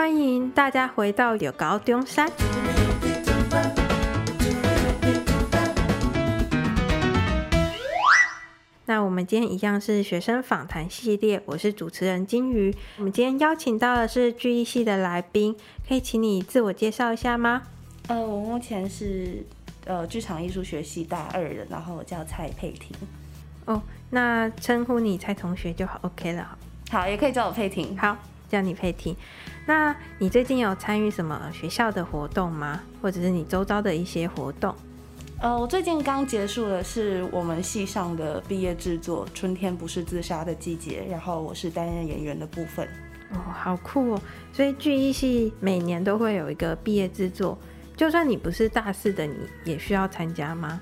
歡迎大家回到有高中山。那我們今天一樣是學生訪談系列，我是主持人金魚。我們今天邀請到的是劇藝系的來賓，可以請你自我介紹一下嗎？呃，我目前是呃劇場藝術學系大二的，然後我叫蔡沛庭。哦，那稱呼你蔡同學就好，OK 了好。好，好也可以叫我沛庭。好。叫你沛庭，那你最近有參與什麼學校的活動嗎？或者是你周遭的一些活動？呃，我最近剛結束的是我們系上的畢業制作《春天不是自殺的季節》，然後我是擔任演員的部分。哦，好酷哦！所以劇藝系每年都會有一個畢業制作，就算你不是大四的，你也需要參加嗎？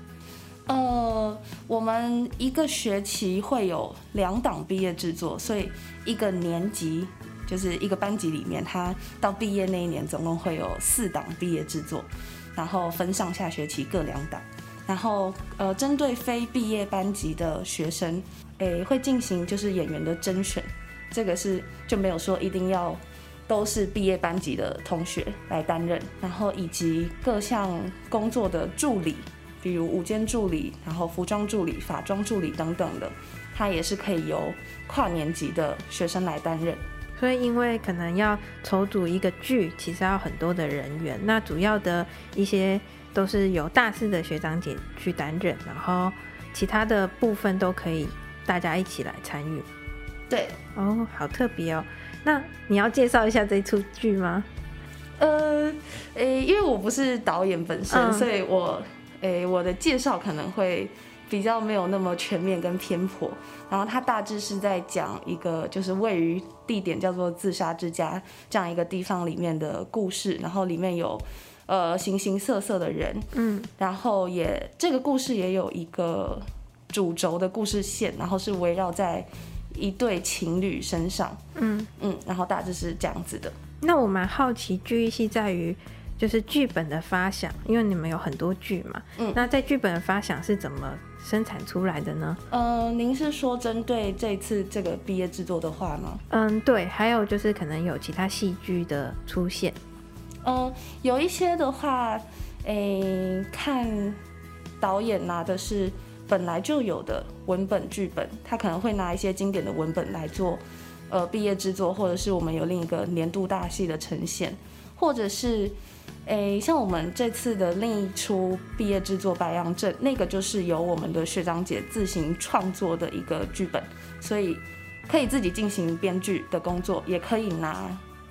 呃，我們一個學期會有兩檔畢業制作，所以一個年級。就是一個班級裡面，他到畢業那一年，總共會有四檔畢業制作，然後分上下學期各兩檔。然後，呃，針對非畢業班級的學生，誒、欸，會進行就是演員的甄選，這個是就沒有說一定要都是畢業班級的同學來擔任。然後以及各項工作的助理，比如舞監助理、然後服裝助理、化妝助理等等的，他也是可以由跨年級的學生來擔任。所以，因為可能要籌組一個劇，其實要很多的人員。那主要的一些都是由大四的學長姐去擔任，然後其他的部分都可以大家一起來參與。對，哦，好特別哦。那你要介紹一下這出劇嗎？呃，誒、欸，因為我不是導演本身，嗯、所以我誒、欸，我的介紹可能會。比較沒有那麼全面跟偏頗，然後它大致是在講一個就是位於地點叫做自殺之家這樣一個地方裡面的故事，然後裡面有，呃，形形色色的人，嗯，然後也這個故事也有一個主軸的故事線，然後是圍繞在一對情侶身上，嗯嗯，然後大致是這樣子的。那我蠻好奇劇藝系在於就是劇本的發想，因為你們有很多劇嘛，嗯，那在劇本的發想是怎麼生產出來的呢？嗯、呃，您是說針對這次這個畢業制作的話嗎？嗯，對，還有就是可能有其他戲劇的出現。嗯、呃，有一些的話，誒、欸，看導演拿的是本來就有的文本劇本，他可能會拿一些經典的文本來做，呃，畢業制作，或者是我們有另一個年度大戲的呈現，或者是。誒，像我們這次的另一出畢業制作《白羊鎮》，那個就是由我們的學長姐自行創作的一個劇本，所以可以自己進行編劇的工作，也可以拿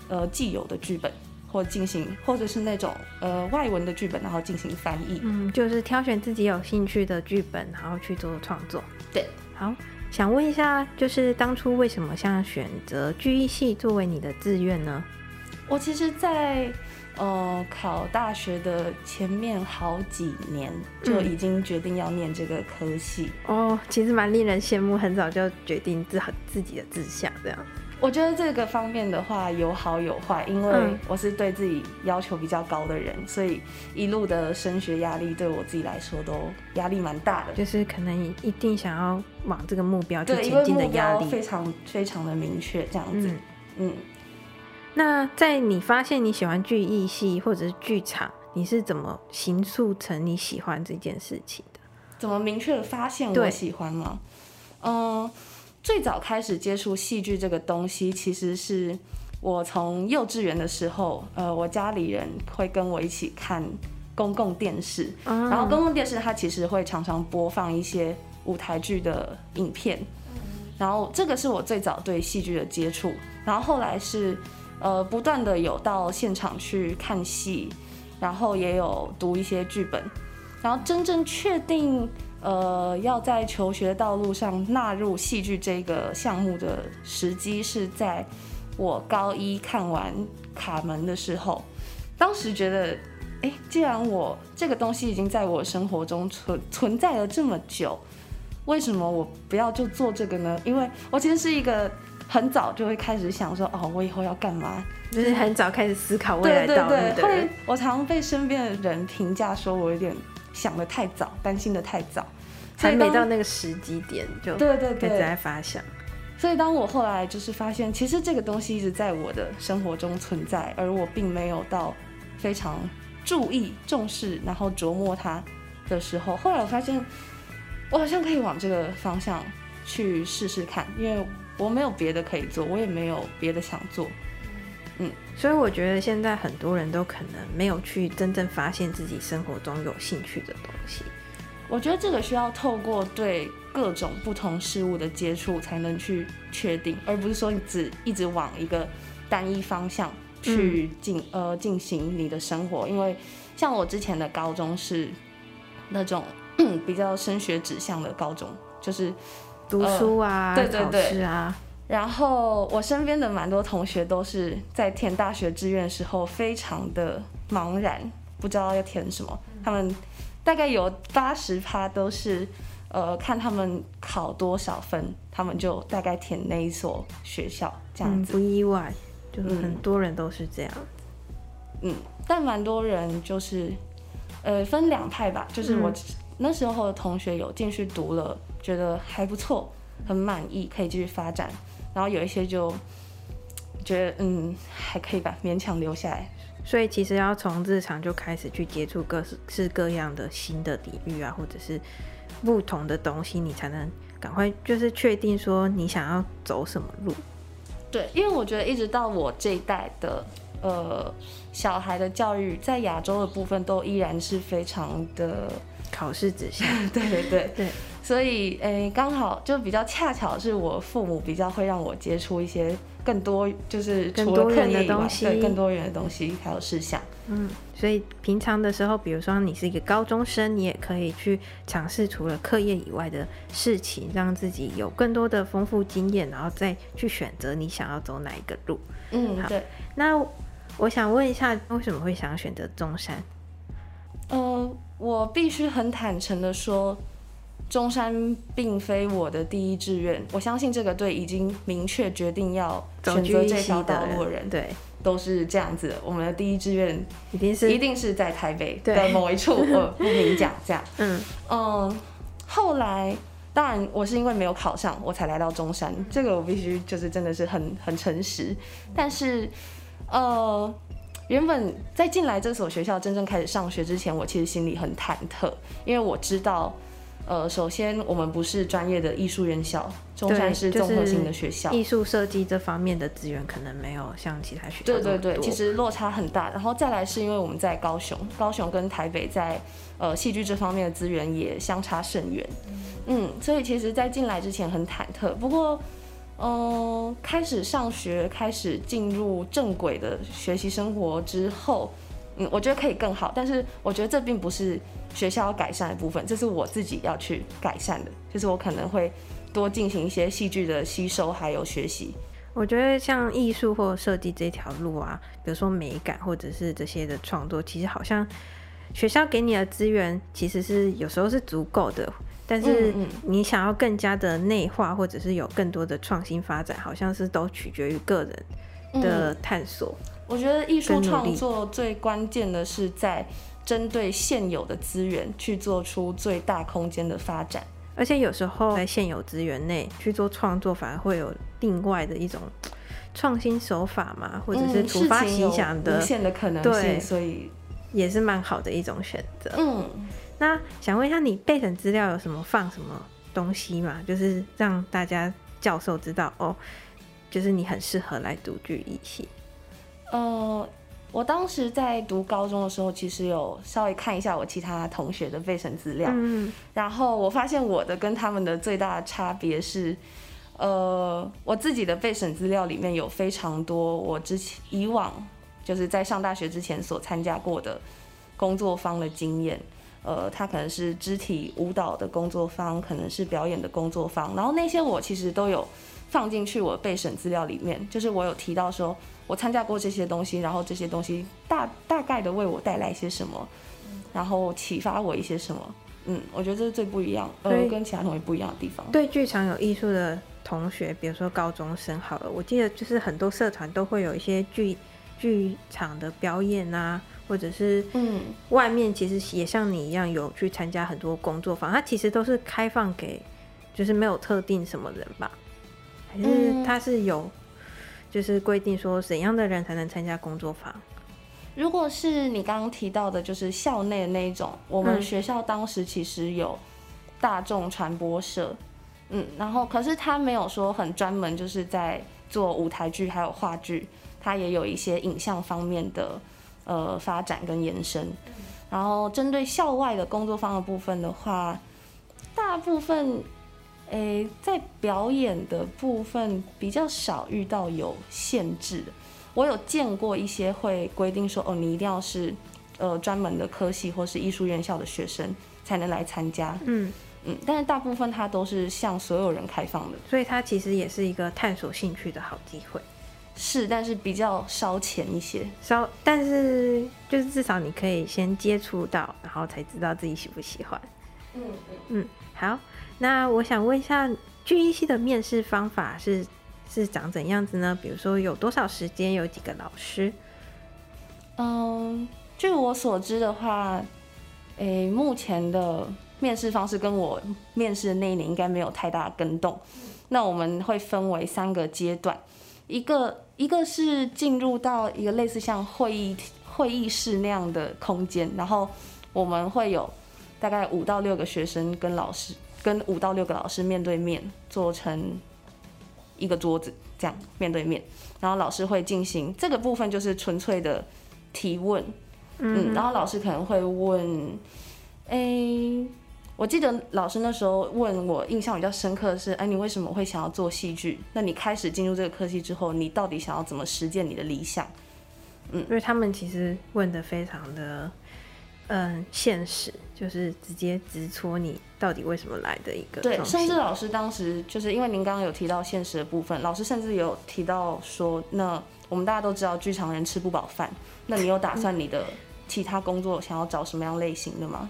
呃既有的劇本或進行，或者是那種呃外文的劇本，然後進行翻譯。嗯，就是挑選自己有興趣的劇本，然後去做，做創作。對，好，想問一下，就是當初為什麼想選擇劇藝系作為你的志願呢？我其實，在。呃、嗯、考大學的前面好幾年就已經決定要念這個科系。嗯、哦，其實蠻令人羨慕，很早就決定自自己的志向這樣。我覺得這個方面的話有好有壞，因為我是對自己要求比較高的人，嗯、所以一路的升學壓力對我自己來說都壓力蠻大的，就是可能一定想要往這個目標就前進的壓力對，非常非常的明確這樣子，嗯。嗯那在你發現你喜歡劇藝系或者是劇場，你是怎麼形塑成你喜歡這件事情的？怎麼明確的發現我喜歡嗎？嗯，最早開始接觸戲劇這個東西，其實是我從幼稚園的時候，呃，我家裡人會跟我一起看公共電視，嗯、然後公共電視它其實會常常播放一些舞台劇的影片、嗯，然後這個是我最早對戲劇的接觸，然後後來是。呃，不斷地有到現場去看戲，然後也有讀一些劇本，然後真正確定呃要在求學道路上納入戲劇這個項目的時機是在我高一看完《卡門》的時候，當時覺得，誒、欸，既然我這個東西已經在我生活中存存在了這麼久，為什麼我不要就做這個呢？因為我其實是一個。很早就會開始想說哦，我以後要幹嘛？就是很早開始思考未來道路。對對對，我常被身邊的人評價說我有點想得太早，擔心得太早，還沒到那個時機點就對對對一直在發想。所以當我後來就是發現，其實這個東西一直在我的生活中存在，而我並沒有到非常注意、重視，然後琢磨它的時候，後來我發現我好像可以往這個方向去試試看，因為。我沒有別的可以做，我也沒有別的想做，嗯，所以我覺得現在很多人都可能沒有去真正發現自己生活中有興趣的東西。我覺得這個需要透過對各種不同事物的接觸才能去確定，而不是說一直一直往一個單一方向去進、嗯、呃進行你的生活。因為像我之前的高中是那種 比較升學指向的高中，就是。讀書啊，呃、對對對、啊，然後我身邊的蠻多同學都是在填大學志願的時候非常的茫然，不知道要填什麼。他們大概有八十趴都是，呃，看他們考多少分，他們就大概填那一所學校這樣子，嗯，不意外，就是很多人都是這樣嗯。嗯，但蠻多人就是，呃，分兩派吧，就是我、嗯。那時候的同學有進去讀了，覺得還不錯，很滿意，可以繼續發展。然後有一些就覺得嗯還可以吧，勉強留下來。所以其實要從日常就開始去接觸各式各樣的新的領域啊，或者是不同的東西，你才能趕快就是確定說你想要走什麼路。對，因為我覺得一直到我這一代的呃小孩的教育在亞洲的部分都依然是非常的。考試指向， 對對對， 對所以誒，剛、欸、好就比較恰巧是我父母比較會讓我接觸一些更多，就是更多元的東西，對更多元的東西還有事項。嗯，所以平常的時候，比如說你是一個高中生，你也可以去嘗試除了課業以外的事情，讓自己有更多的豐富經驗，然後再去選擇你想要走哪一個路。嗯，好，那我想問一下，為什麼會想選擇中山？嗯。我必須很坦誠的說，中山並非我的第一志願。我相信這個隊已經明確決定要選擇這條道路的人，對，都是這樣子的。我們的第一志願一定是一定是在台北的某一處，我不明講這樣。 嗯嗯，後來當然我是因為沒有考上，我才來到中山。這個我必須就是真的是很很誠實。但是，呃。原本在進來這所學校真正開始上學之前，我其實心裡很忐忑，因為我知道，呃，首先我們不是專業的藝術院校，中山是綜合性的學校，藝術設計這方面的資源，可能沒有像其他學校那麼多。對對對，其實落差很大。然後再來是因為我們在高雄，高雄跟台北在呃戲劇這方面的資源也相差甚遠，嗯，所以其實在進來之前很忐忑。不過。嗯，開始上學，開始進入正軌的學習生活之後，嗯，我覺得可以更好。但是我覺得這並不是學校要改善的部分，這是我自己要去改善的。就是我可能會多進行一些戲劇的吸收，還有學習。我覺得像藝術或設計這條路啊，比如說美感或者是這些的創作，其實好像。學校給你的資源其實是有時候是足夠的，但是你想要更加的內化或者是有更多的創新發展，好像是都取決於個人的探索、嗯。我覺得藝術創作最關鍵的是在針對現有的資源去做出最大空間的發展，而且有時候在現有資源內去做創作，反而會有另外的一種創新手法嘛，或者是突發奇想的、無限、嗯、的可能性，所以。也是蠻好的一種選擇。嗯，那想問一下，你備審資料有什麼放什麼東西嗎？就是讓大家教授知道哦，就是你很適合來讀劇藝系。呃，我當時在讀高中的時候，其實有稍微看一下我其他同學的備審資料，嗯，然後我發現我的跟他們的最大的差別是，呃，我自己的備審資料裡面有非常多我之前以往。就是在上大學之前所參加過的工作坊的經驗，呃，他可能是肢體舞蹈的工作坊，可能是表演的工作坊，然後那些我其實都有放進去我備審資料裡面，就是我有提到說我參加過這些東西，然後這些東西大大概的為我帶來一些什麼，然後啟發我一些什麼，嗯，我覺得這是最不一樣，呃，跟其他同學不一樣的地方。對劇場有藝術的同學，比如說高中生好了，我記得就是很多社團都會有一些劇。劇場的表演啊，或者是嗯，外面其實也像你一樣有去參加很多工作坊，它其實都是開放給，就是沒有特定什麼人吧？還是它是有，就是規定說怎樣的人才能參加工作坊？如果是你剛剛提到的，就是校內的那一種，我們學校當時其實有大眾傳播社，嗯，然後可是他沒有說很專門，就是在做舞台劇還有話劇。它也有一些影像方面的，呃，發展跟延伸。嗯。然後針對校外的工作坊的部分的話，大部分，誒、欸，在表演的部分比較少遇到有限制。我有見過一些會規定說，哦，你一定要是，呃，專門的科系或是藝術院校的學生才能來參加。嗯嗯，但是大部分它都是向所有人開放的，所以它其實也是一個探索興趣的好機會。是，但是比較燒錢一些，燒，但是就是至少你可以先接觸到，然後才知道自己喜不喜歡。嗯，嗯，好，那我想問一下，劇藝系的面試方法是是長怎樣子呢？比如說有多少時間，有幾個老師？嗯，據我所知的話，誒、欸，目前的面試方式跟我面試那一年應該沒有太大的更動。那我們會分為三個階段，一個。一個是進入到一個類似像會議會議室那樣的空間，然後我們會有大概五到六個學生跟老師跟五到六個老師面對面做成一個桌子這樣面對面，然後老師會進行這個部分就是純粹的提問，嗯，嗯，然後老師可能會問 A。欸我記得老師那時候問我，印象比較深刻的是，哎，你為什麼會想要做戲劇？那你開始進入這個科系之後，你到底想要怎麼實踐你的理想？嗯，因為他們其實問得非常的，嗯，現實，就是直接直戳你到底為什麼來的一個。對，甚至老師當時就是因為您剛剛有提到現實的部分，老師甚至有提到說，那我們大家都知道劇場人吃不飽飯，那你有打算你的其他工作想要找什麼樣類型的嗎？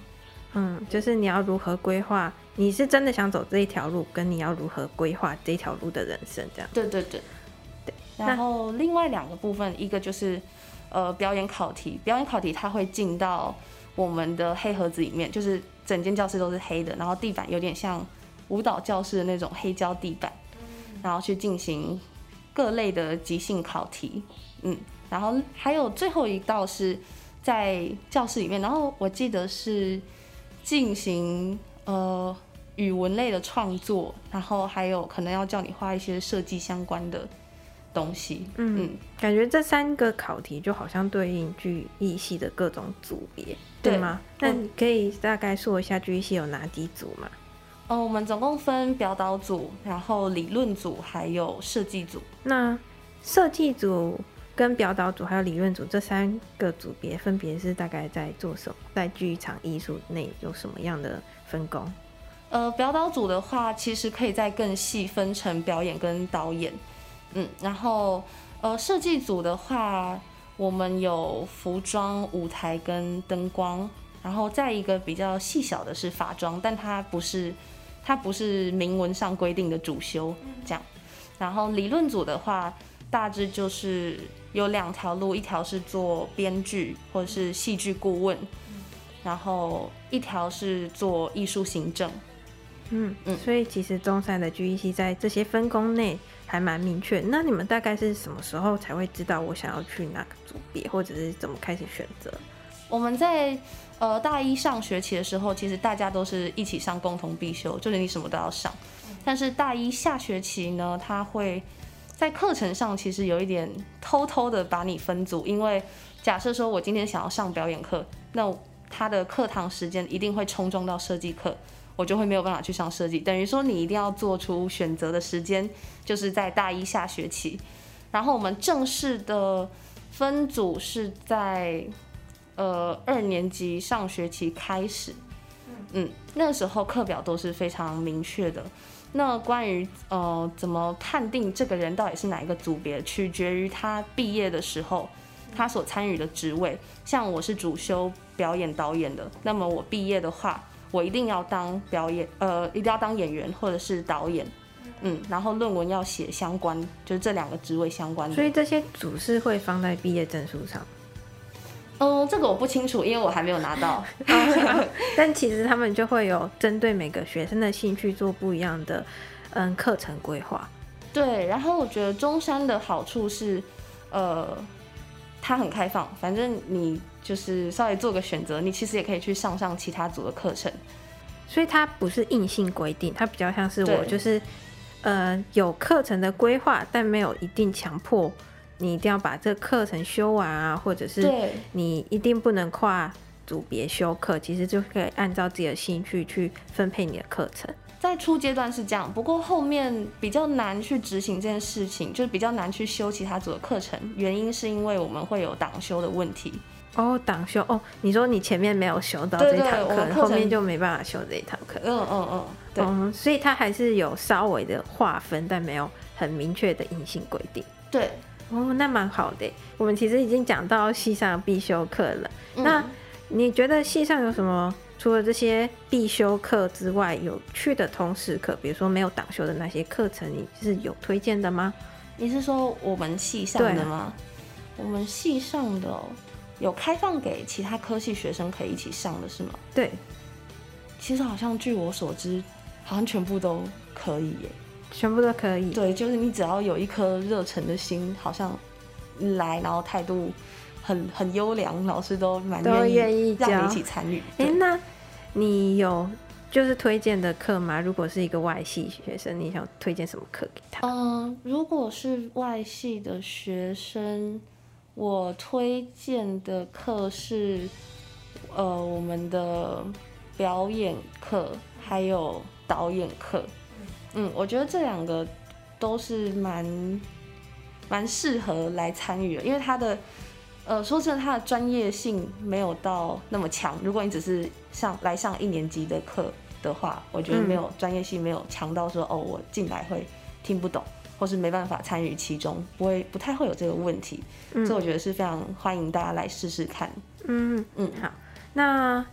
嗯，就是你要如何規劃？你是真的想走這一條路，跟你要如何規劃這條路的人生，這樣。對對對，對。然後另外兩個部分，一個就是，呃，表演考題。表演考題它會進到我們的黑盒子裡面，就是整間教室都是黑的，然後地板有點像舞蹈教室的那種黑膠地板，然後去進行各類的即興考題。嗯，然後還有最後一道是在教室裡面，然後我記得是。進行呃語文類的創作，然後還有可能要叫你畫一些設計相關的東西。嗯，嗯，感覺這三個考題就好像對應劇藝系的各種組別，對，對嗎？那你可以大概說一下劇藝系有哪幾組嗎？嗯，哦，我們總共分表導組，然後理論組，還有設計組。那設計組。跟表導組還有理論組這三個組別，分別是大概在做什麼，在劇場藝術內有什麼樣的分工？呃，表導組的話，其實可以再更細分成表演跟導演。嗯，然後呃，設計組的話，我們有服裝、舞台跟燈光，然後再一個比較細小的是髮妝，但它不是它不是明文上規定的主修這樣。然後理論組的話，大致就是有兩條路，一條是做編劇或者是戲劇顧問、嗯，然後一條是做藝術行政。嗯嗯。所以其實中山的 GEC 在這些分工內還蠻明確。那你們大概是什麼時候才會知道我想要去哪個組別，或者是怎麼開始選擇？我們在呃大一上學期的時候，其實大家都是一起上共同必修，就是你什麼都要上。但是大一下學期呢，他會。在課程上其實有一點偷偷的把你分組，因為假設說我今天想要上表演課，那他的課堂時間一定會衝撞到設計課，我就會沒有辦法去上設計。等於說你一定要做出選擇的時間就是在大一下學期，然後我們正式的分組是在呃二年級上學期開始。嗯，那時候課表都是非常明確的。那關於呃怎麼判定這個人到底是哪一個組別，取決於他畢業的時候他所參與的職位。像我是主修表演導演的，那麼我畢業的話，我一定要當表演呃一定要當演員或者是導演。嗯，然後論文要寫相關，就是這兩個職位相關的。所以這些組是會放在畢業證書上。嗯，這個我不清楚，因為我還沒有拿到。 但其實他們就會有針對每個學生的興趣做不一樣的嗯課程規劃。對，然後我覺得中山的好處是，呃，它很開放，反正你就是稍微做個選擇，你其實也可以去上上其他組的課程。所以它不是硬性規定，它比較像是我就是呃有課程的規劃，但沒有一定強迫。你一定要把這個課程修完啊，或者是你一定不能跨組別修課。其實就可以按照自己的興趣去分配你的課程。在初階段是這樣，不過後面比較難去執行這件事情，就是比較難去修其他組的課程。原因是因為我們會有擋修的問題。哦，擋修哦，你說你前面沒有修到這一堂課，後面就沒辦法修這一堂課。嗯嗯嗯，嗯，對嗯，所以它還是有稍微的劃分，但沒有很明確的硬性規定。對。哦，那蠻好的。我們其實已經講到系上必修課了。嗯。那你覺得系上有什麼？除了這些必修課之外，有趣的通識課，比如說沒有擋修的那些課程，你是有推薦的嗎？你是說我們系上的嗎？我們系上的有開放給其他科系學生可以一起上的，是嗎？對。其實好像據我所知，好像全部都可以耶。全部都可以，對，就是你只要有一顆熱忱的心，好像來，然後態度很很優良，老師都蠻願意讓你一起參與。哎，欸，那你有就是推薦的課嗎？如果是一個外系學生，你想推薦什麼課給他？嗯，呃，如果是外系的學生，我推薦的課是呃我們的表演課，還有導演課。嗯，我覺得這兩個都是蠻蠻適合來參與的，因為它的，呃，說真的，它的專業性沒有到那麼強。如果你只是上來上一年級的課的話，我覺得沒有、嗯、專業性沒有強到說哦，我進來會聽不懂，或是沒辦法參與其中，不會不太會有這個問題、嗯。所以我覺得是非常歡迎大家來試試看。嗯嗯，好，那。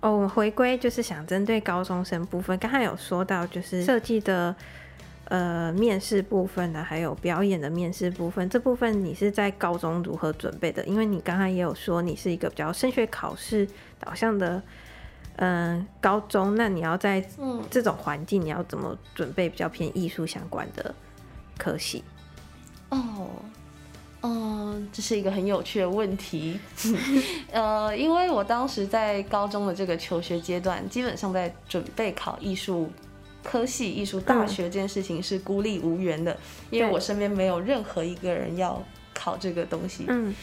哦，回歸就是想針對高中生部分，剛才有說到就是設計的呃面試部分呢，還有表演的面試部分，這部分你是在高中如何準備的？因為你剛才也有說你是一個比較升學考試導向的嗯、呃、高中，那你要在這種環境，你要怎麼準備比較偏藝術相關的科系？嗯、哦。嗯，這是一個很有趣的問題。 呃，因為我當時在高中的這個求學階段，基本上在準備考藝術科系、藝術大學這件事情是孤立無援的，嗯，因為我身邊沒有任何一個人要考這個東西。嗯，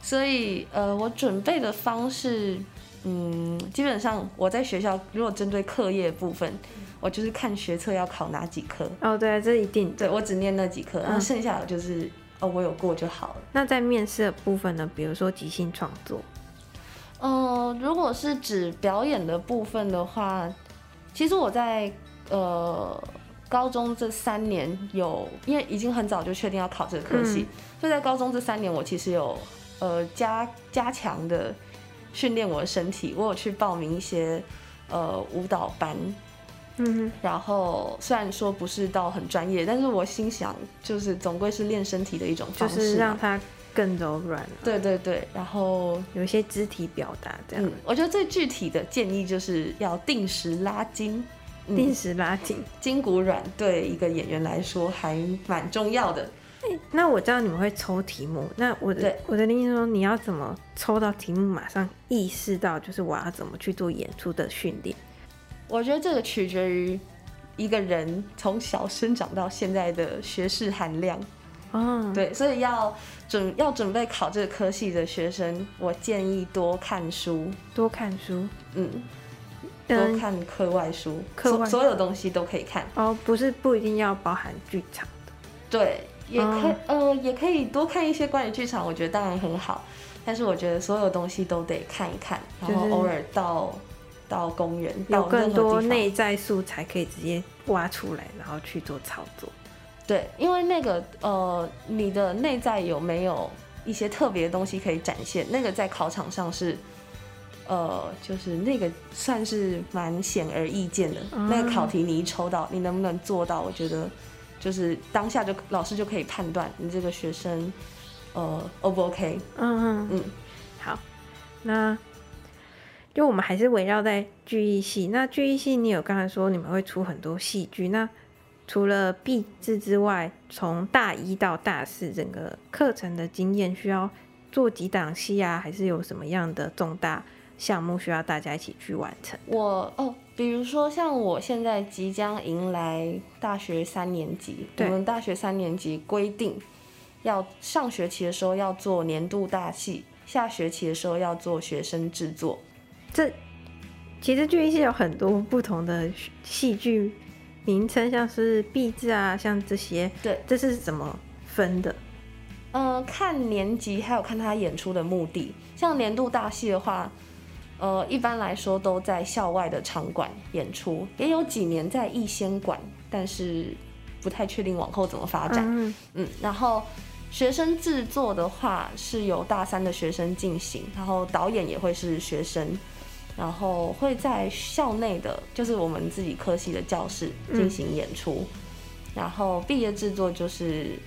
所以呃，我準備的方式，嗯，基本上我在學校，如果針對課業部分，我就是看學測要考哪幾科。哦，對，這一定，對。對，我只唸那幾科，然後剩下的就是。哦，我有過就好了。那在面試的部分呢？比如說即興創作，呃，如果是指表演的部分的話，其實我在呃高中這三年有，因為已經很早就確定要考這個科系，嗯，所以在高中這三年，我其實有呃加加強的訓練我的身體，我有去報名一些呃舞蹈班。嗯哼，然後雖然說不是到很專業，但是我心想就是總歸是練身體的一種方式，就是讓它更柔軟，啊。對對對，然後有一些肢體表達這樣，嗯。我覺得最具體的建議就是要定時拉筋，嗯，定時拉筋，筋骨軟對一個演員來說還蠻重要的。欸、那我知道你們會抽題目，那我的我的理解說你要怎麼抽到題目，馬上意識到就是我要怎麼去做演出的訓練。我覺得這個取決於一個人從小生長到現在的學識含量。嗯，對，所以要準要準備考這個科系的學生，我建議多看書，多看書，嗯，多看課外書，課外、嗯、所有東西都可以看。哦，不是不一定要包含劇場的。對，也可、嗯、呃也可以多看一些關於劇場，我覺得當然很好。但是我覺得所有東西都得看一看，然後偶爾到。到公園，有更多內在素材可以直接挖出來，然後去做操作。對，因為那個呃，你的內在有沒有一些特別的東西可以展現？那個在考場上是呃，就是那個算是蠻顯而易見的。嗯。那個考題你一抽到，你能不能做到？我覺得就是當下就老師就可以判斷你這個學生呃 O 不 OK？嗯嗯嗯，好，那。就我們還是圍繞在劇藝系，那劇藝系你有剛才說你們會出很多戲劇，那除了畢製之外，從大一到大四整個課程的經驗需要做幾檔戲啊？還是有什麼樣的重大項目需要大家一起去完成？我哦，比如說像我現在即將迎來大學三年級，對，我們大學三年級規定要上學期的時候要做年度大戲，下學期的時候要做學生製作。這其實劇藝系有很多不同的戲劇名稱，像是畢製啊，像這些。對，這是怎麼分的？嗯、呃，看年級，還有看他演出的目的。像年度大戲的話，呃，一般來說都在校外的場館演出，也有幾年在逸仙館，但是不太確定往後怎麼發展嗯。嗯，然後學生制作的話，是由大三的學生進行，然後導演也會是學生。然後會在校內的，就是我們自己科系的教室進行演出，嗯。然後畢業製作就是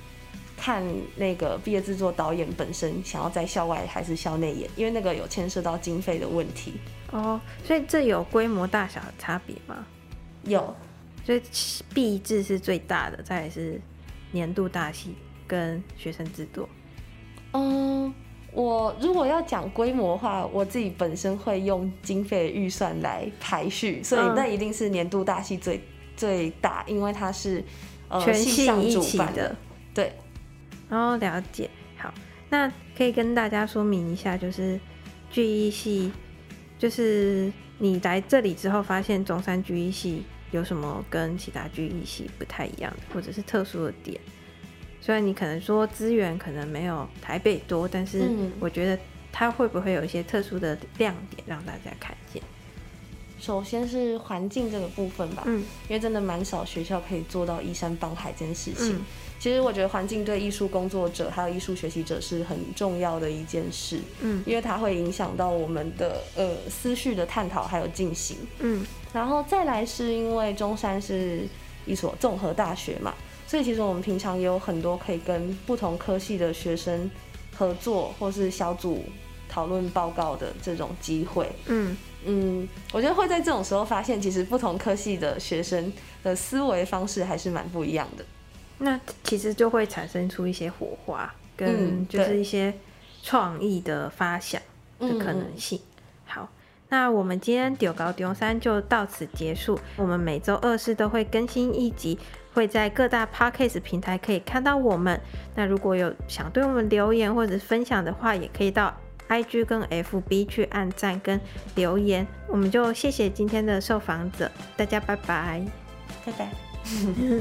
看那個畢業製作導演本身想要在校外還是校內演，因為那個有牽涉到經費的問題。哦，所以這有規模大小的差別嗎？有，所以畢製是最大的，再是年度大戲跟學生制作。嗯、哦。我如果要講規模的話，我自己本身會用經費預算來排序，所以那一定是年度大戲最、嗯、最大，因為它是、呃、全系上一起的。對，哦，了解。好，那可以跟大家說明一下，就是劇藝系，就是你來這裡之後，發現中山劇藝系有什麼跟其他劇藝系不太一樣的，或者是特殊的點？雖然你可能說資源可能沒有台北多，但是我覺得它會不會有一些特殊的亮點讓大家看見？嗯，首先是環境這個部分吧，嗯，因為真的蠻少學校可以做到依山傍海這件事情。嗯，其實我覺得環境對藝術工作者還有藝術學習者是很重要的一件事，嗯，因為它會影響到我們的呃思緒的探討還有進行，嗯，然後再來是因為中山是一所綜合大學嘛。所以其實我們平常也有很多可以跟不同科系的學生合作，或是小組討論報告的這種機會。嗯嗯，我覺得會在這種時候發現，其實不同科系的學生的思維方式還是蠻不一樣的。那其實就會產生出一些火花，跟就是一些創意的發想的可能性。嗯那我們今天丟高丟三就到此結束。我們每周二四都會更新一集，會在各大 podcast 平台可以看到我們。那如果有想對我們留言或者分享的話，也可以到 IG 跟 FB 去按讚跟留言。我們就謝謝今天的受訪者，大家拜拜，拜拜。